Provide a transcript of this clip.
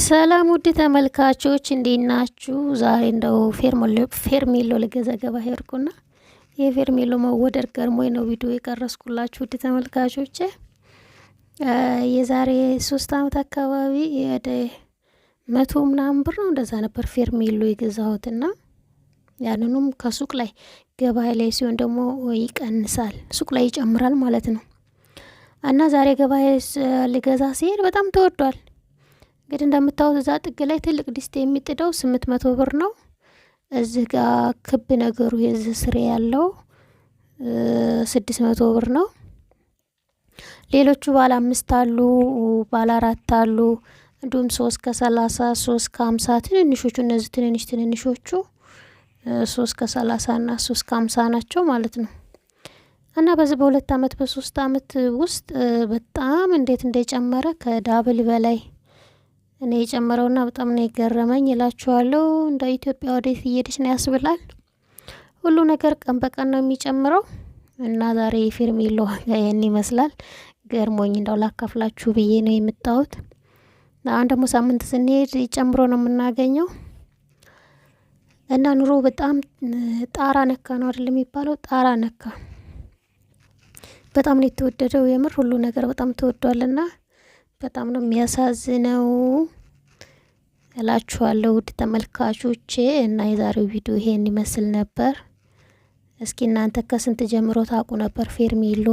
ሰላም ውድ ተመልካቾች እንዴት ናችሁ? ዛሬ እንደው ፌርሜሎ ልገዛ ገባ ሄድኩና የፌርሜሎ መወደድ ገርሞኝ ነው ቪዲዮ የቀረስኩላችሁ ውድ ተመልካቾች። የዛሬ ሶስት አመት አካባቢ ወደ መቶ ምናምን ብር ነው እንደዛ ነበር ፌርሜሎ የገዛሁትና ያንኑም ከሱቅ ላይ ገበያ ላይ ሲሆን ደግሞ ይቀንሳል፣ ሱቅ ላይ ይጨምራል ማለት ነው። እና ዛሬ ገበያ ልገዛ ሲሄድ በጣም ተወዷል። እንግዲህ እንደምታዩት እዛ ጥግ ላይ ትልቅ ድስት የሚጥደው ስምንት መቶ ብር ነው። እዚህ ጋ ክብ ነገሩ የዚህ ስሬ ያለው ስድስት መቶ ብር ነው። ሌሎቹ ባለ አምስት አሉ፣ ባለ አራት አሉ፣ እንዲሁም ሶስት ከሰላሳ ሶስት ከአምሳ ትንንሾቹ እነዚህ ትንንሽ ትንንሾቹ ሶስት ከሰላሳ እና ሶስት ከአምሳ ናቸው ማለት ነው። እና በዚህ በሁለት አመት በሶስት አመት ውስጥ በጣም እንዴት እንደጨመረ ከዳብል በላይ እኔ የጨመረውና በጣም ነው የገረመኝ ይላችኋለሁ እንደ ኢትዮጵያ ወዴት እየሄደች ነው ያስብላል። ሁሉ ነገር ቀን በቀን ነው የሚጨምረው እና ዛሬ ፌርሜሎ ዋጋ ይህን ይመስላል። ገርሞኝ እንዳው ላካፍላችሁ ብዬ ነው የምታዩት። አሁን ደግሞ ሳምንት ስንሄድ ጨምሮ ነው የምናገኘው እና ኑሮ በጣም ጣራ ነካ ነው አይደል የሚባለው? ጣራ ነካ በጣም ነው የተወደደው። የምር ሁሉ ነገር በጣም ተወዷልና በጣም ነው የሚያሳዝነው። እላችኋለሁ ውድ ተመልካቾቼ እና የዛሬው ቪዲዮ ይሄን ይመስል ነበር። እስኪ እናንተ ከስንት ጀምሮ ታውቁ ነበር ፌርሜሎ?